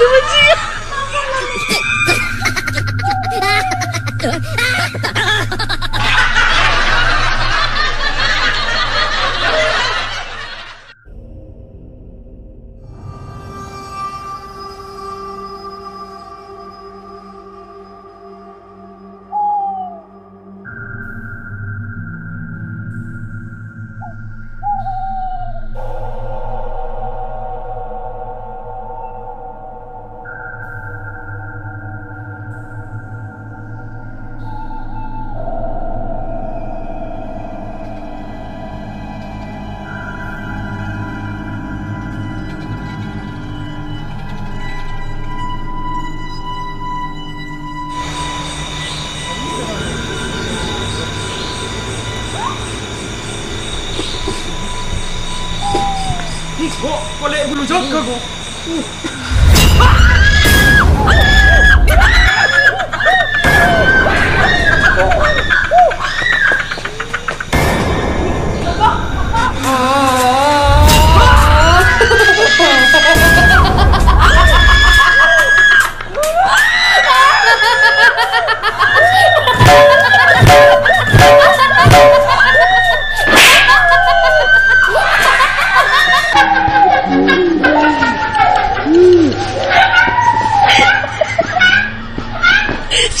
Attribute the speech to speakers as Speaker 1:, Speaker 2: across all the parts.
Speaker 1: 怎么鸡？Çok kago.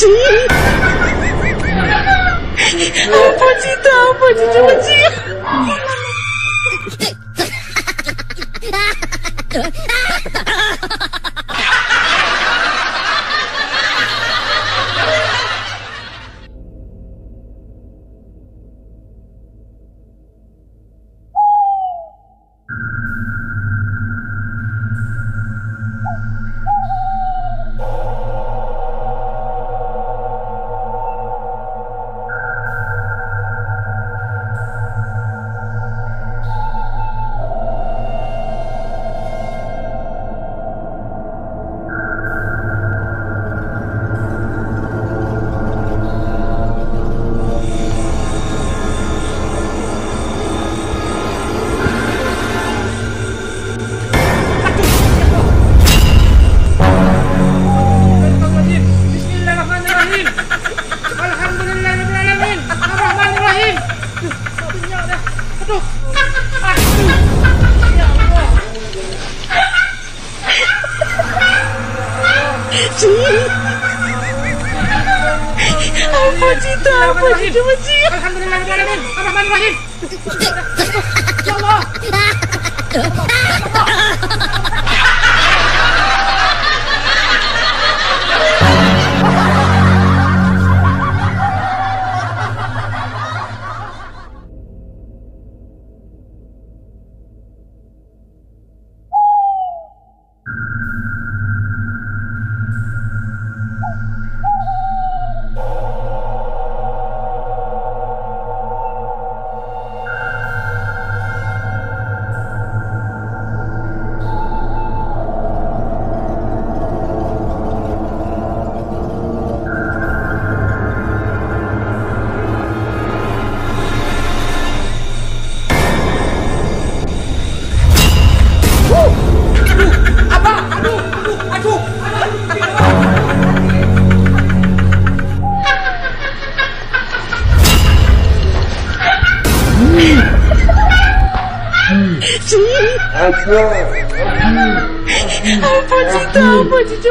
Speaker 1: tadinho. Ai, pode ir, então, pode ir, pode ir. Ah! apa gitu sih? Alhamdulillahirrahmanirrahim. Ya Allah. Acá, aquí. Ay, Panchito, Panchito, Panchito.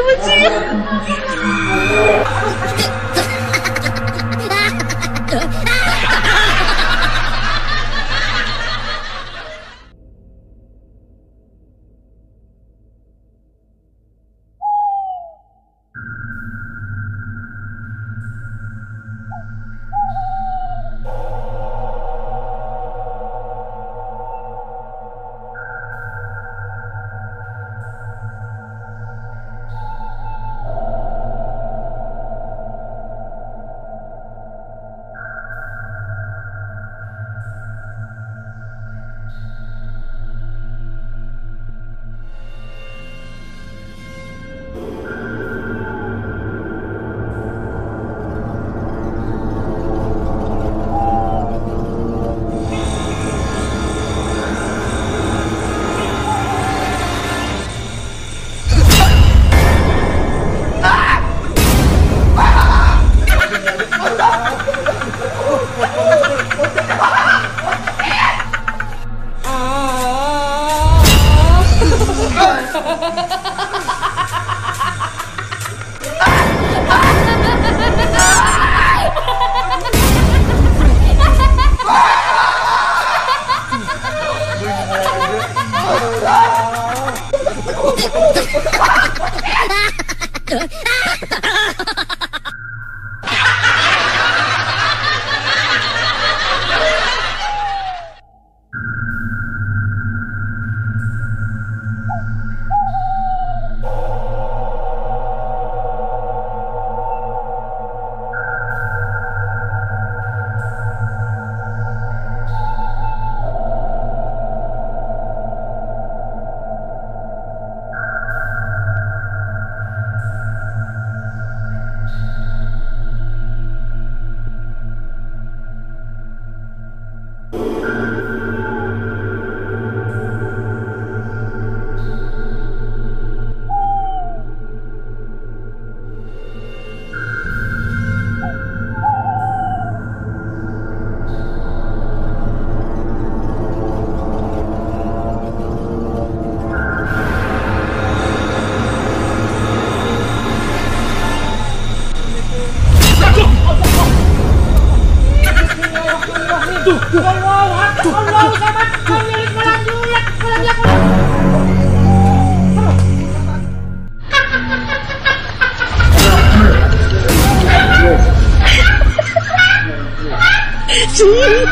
Speaker 1: Timothy!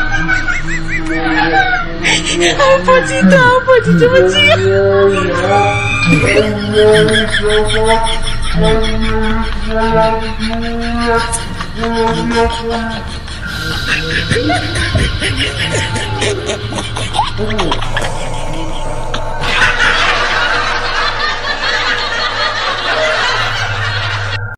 Speaker 1: Ai, pode ir não, pode ir, Timothy! Oh.